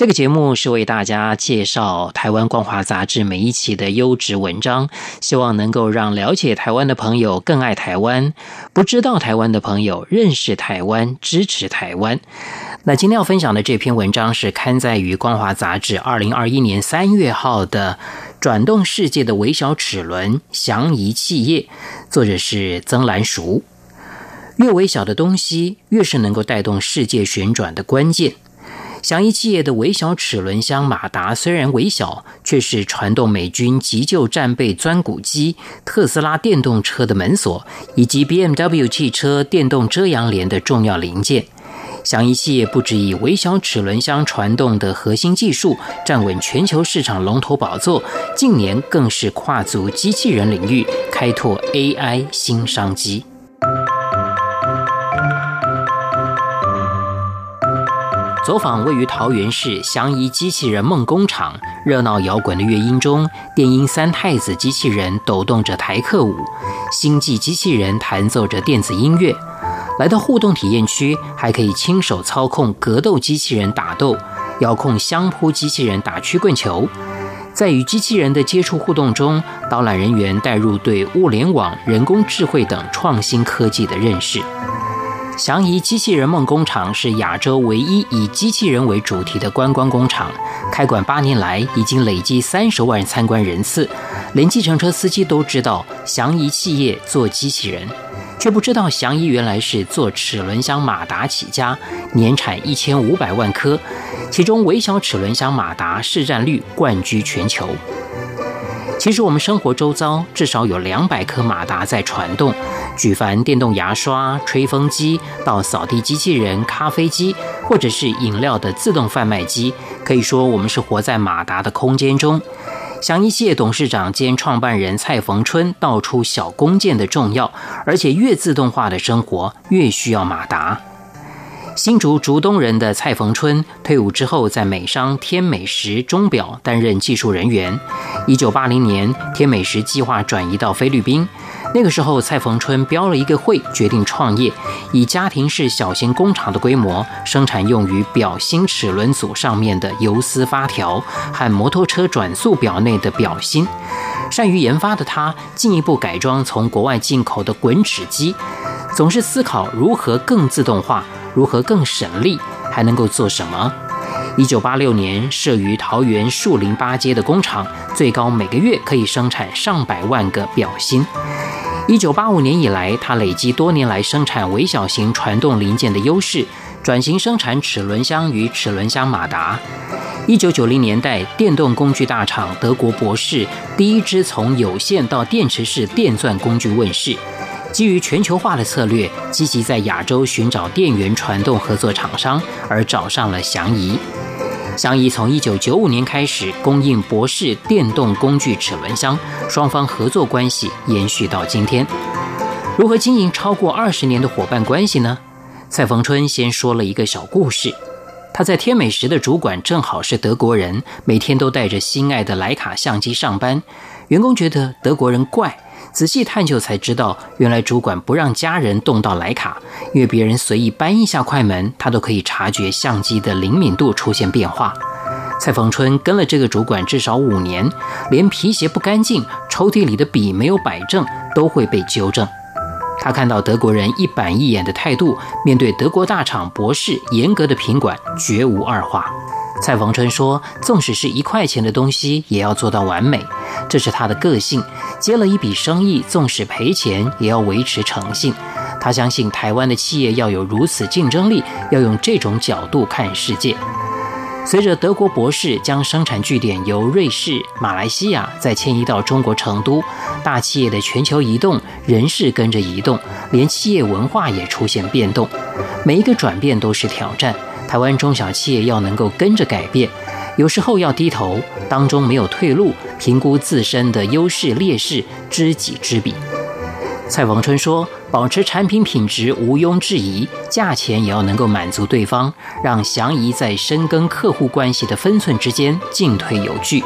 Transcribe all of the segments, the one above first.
這個節目是為大家介紹台灣光華雜誌每一期的優質文章，希望能夠讓了解台灣的朋友更愛台灣，不知道台灣的朋友認識台灣，支持台灣。那今天要分享的這篇文章是刊載於《光華雜誌》二零二一年三月號的《轉動世界的微小齒輪企業——祥儀企業》，作者是曾蘭淑。越微小的東西，越是能夠帶動世界旋轉的關鍵。祥儀企業的微小齒輪箱馬達雖然微小，卻是傳動美軍急救戰備鑽骨機、特斯拉電動車的門鎖以及 BMW 汽車電動遮陽簾的重要零件。祥儀企業不只以微小齒輪箱傳動的核心技術站穩全球市場龍頭寶座，近年更是跨足機器人領域，開拓 AI 新商機。走訪位於桃園市祥儀機器人夢工廠，熱鬧搖滾的樂音中，電音三太子機器人抖動着台客舞，星際機器人彈奏着電子音樂。來到互動體驗區，還可以親手操控格鬥機器人打鬥，遙控相撲機器人打曲棍球。在與機器人的接觸互動中，導覽人員帶入對物聯網、人工智慧等創新科技的認識。祥儀機器人夢工廠是亞洲唯一以機器人為主題的觀光工廠。開館八年來，已經累計三十萬參觀人次。連計程車司機都知道祥儀企業做機器人，卻不知道祥儀原來是做齒輪箱馬達起家，年產一千五百萬顆，其中微小齒輪箱馬達市佔率冠居全球。其實我們生活周遭至少有兩百顆馬達在傳動。舉凡電動牙刷、吹風機到掃地機器人、咖啡機，或者是飲料的自動販賣機，可以說我們是活在馬達的空間中。祥儀機械董事長兼創辦人蔡逢春道出小工件的重要，而且越自動化的生活越需要馬達。新竹竹東人的蔡逢春退伍之後，在美商天美時鐘錶擔任技術人員。一九八零年，天美時計劃轉移到菲律賓。那個時候，蔡逢春標了一個會，決定創業，以家庭式小型工廠的規模生產用於表芯齒輪組上面的游絲發條和摩托車轉速表內的表芯。善於研發的他，進一步改裝從國外進口的滾齒機，總是思考如何更自動化，如何更省力，還能夠做什麼。一九八六年設於桃園樹林八街的工廠，最高每個月可以生產上百萬個表芯。一九八五年以來，它累積多年來生產微小型傳動零件的優勢，轉型生產齒輪箱與齒輪箱馬達。一九九零年代，電動工具大廠德國博世第一支從有線到電池式電鑽工具問世。基於全球化的策略，積極在亞洲尋找電源傳動合作廠商，而找上了祥儀。祥儀從一九九五年開始供應博世電動工具齒輪箱，雙方合作關係延續到今天。如何經營超過二十年的夥伴關係呢？蔡逢春先說了一個小故事：他在天美時的主管正好是德國人，每天都帶着心愛的徠卡相機上班，員工覺得德國人怪。仔細探究才知道，原來主管不讓家人動到徠卡，因為別人隨意扳一下快門，他都可以察覺相機的靈敏度出現變化。蔡逢春跟了這個主管至少五年，連皮鞋不乾淨、抽屜裡的筆沒有擺正，都會被糾正。他看到德國人一板一眼的態度，面對德國大廠博士嚴格的品管，絕無二話。蔡逢春說：“縱使是一塊錢的東西，也要做到完美，這是他的個性。接了一筆生意，縱使賠錢，也要維持誠信。他相信台灣的企業要有如此競爭力，要用這種角度看世界。隨着德國博士將生產據點由瑞士、馬來西亞再遷移到中國成都，大企業的全球移動人事跟着移動，連企業文化也出現變動。每一個轉變都是挑戰。”台灣中小企業要能夠跟着改變，有時候要低頭，當中沒有退路。評估自身的優勢劣勢，知己知彼。蔡永春說：“保持產品品質毋庸置疑，價錢也要能夠滿足對方，讓祥儀在深耕客戶關係的分寸之間進退有據。”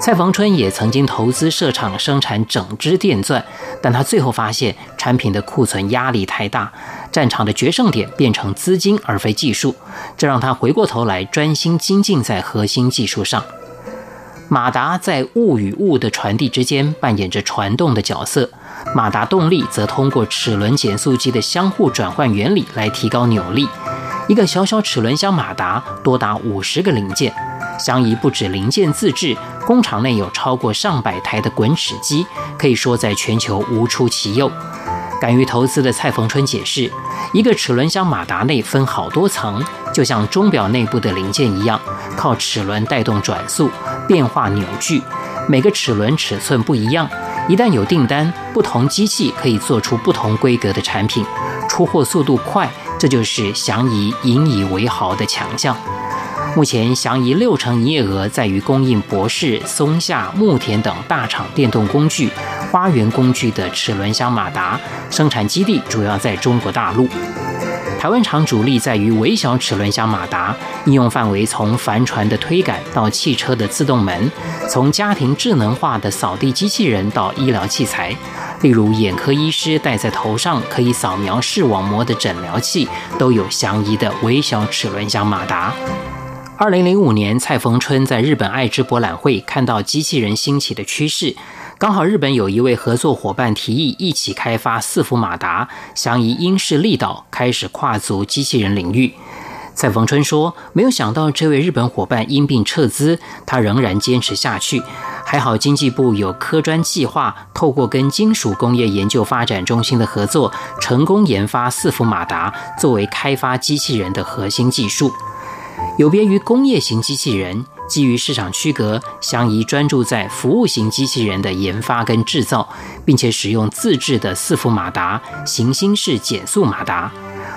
蔡逢春也曾經投資設廠生產整支電鑽，但他最後發現產品的庫存壓力太大，戰場的決勝點變成資金而非技術，這讓他回過頭來專心精進在核心技術上。馬達在物與物的傳遞之間扮演着傳動的角色，馬達動力則通過齒輪減速機的相互轉換原理來提高扭力。一個小小齒輪箱馬達多達五十個零件。祥儀不止零件自制，工廠內有超過上百台的滾齒機，可以說在全球無出其右。敢於投資的蔡逢春解釋，一個齒輪箱馬達內分好多層，就像鐘錶內部的零件一樣，靠齒輪帶動轉速變化扭矩。每個齒輪尺寸不一樣，一旦有訂單，不同機器可以做出不同規格的產品，出貨速度快，這就是祥儀引以為豪的強項。目前，祥儀六成營業額在於供應博世、松下、牧田等大廠電動工具、花園工具的齒輪箱馬達，生產基地主要在中國大陸。台灣廠主力在於微小齒輪箱馬達，應用範圍從帆船的推桿到汽車的自動門，從家庭智能化的掃地機器人到醫療器材，例如眼科醫師戴在頭上可以掃描視網膜的診療器，都有祥儀的微小齒輪箱馬達。二零零五年，蔡逢春在日本愛知博覽會看到機器人興起的趨勢，剛好日本有一位合作夥伴提議一起開發伺服馬達，想以因勢利導開始跨足機器人領域。蔡逢春說：“沒有想到這位日本夥伴因病撤資，他仍然堅持下去。還好經濟部有科專計劃，透過跟金屬工業研究發展中心的合作，成功研發伺服馬達作為開發機器人的核心技術。”有別於工業型機器人，基於市場區隔，祥儀專注在服務型機器人的研發跟製造，並且使用自製的伺服馬達、行星式減速馬達。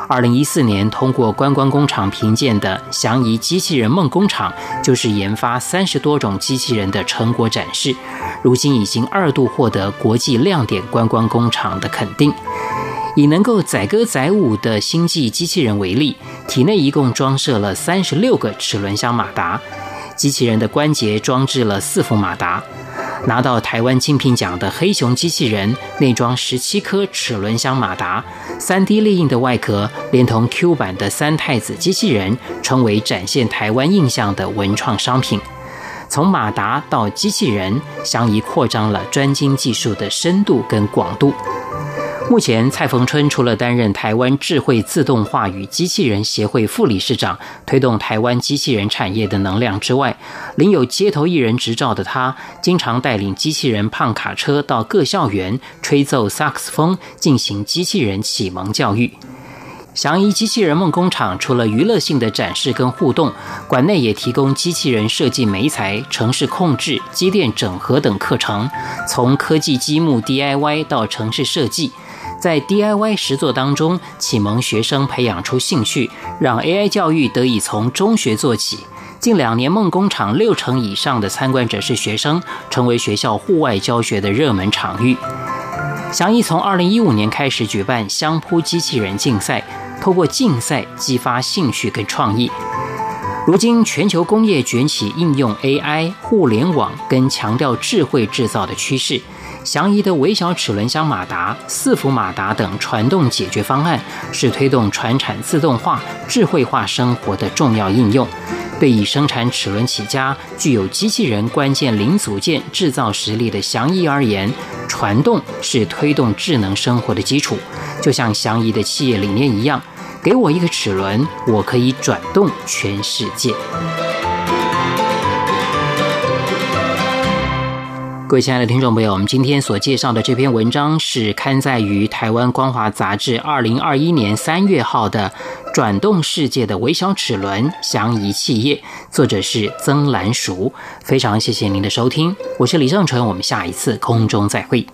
二零一四年通過觀光工廠評鑑的祥儀機器人夢工廠，就是研發三十多種機器人的成果展示。如今已經二度獲得國際亮點觀光工廠的肯定。以能夠載歌載舞的星際機器人為例，體內一共裝設了三十六個齒輪箱馬達，機器人的關節裝置了四副馬達。拿到台灣精品獎的黑熊機器人內裝十七顆齒輪箱馬達，3D 列印的外殼連同 Q 版的三太子機器人，成為展現台灣印象的文創商品。從馬達到機器人，祥儀擴張了專精技術的深度跟廣度。目前，蔡逢春除了擔任台灣智慧自動化與機器人協會副理事長，推動台灣機器人產業的能量之外，領有街頭藝人執照的他，經常帶領機器人胖卡車到各校園吹奏薩克斯風，進行機器人啟蒙教育。祥儀機器人夢工廠除了娛樂性的展示跟互動，館內也提供機器人設計、媒材、城市控制、機電整合等課程，從科技積木 DIY 到城市設計。在 DIY 實作當中啟蒙學生，培養出興趣，讓 AI 教育得以從中學做起。近兩年，夢工廠六成以上的參觀者是學生，成為學校戶外教學的熱門場域。祥儀從2015年開始舉辦相撲機器人競賽，透過競賽激發興趣跟創意。如今，全球工業卷起應用 AI、互聯網跟強調智慧制造的趨勢。祥儀的微小齒輪箱馬達、伺服馬達等傳動解決方案，是推動傳產自動化、智慧化生活的重要應用。對以生產齒輪起家、具有機器人關鍵零組件製造實力的祥儀而言，傳動是推動智能生活的基礎。就像祥儀的企業理念一樣，“給我一個齒輪，我可以轉動全世界”。各位親愛的聽眾朋友，我們今天所介紹的這篇文章是刊載於台灣光華雜誌二零二一年三月號的《轉動世界的微小齒輪》，祥儀企業，作者是曾蘭淑。非常謝謝您的收聽，我是李尚純，我們下一次空中再會。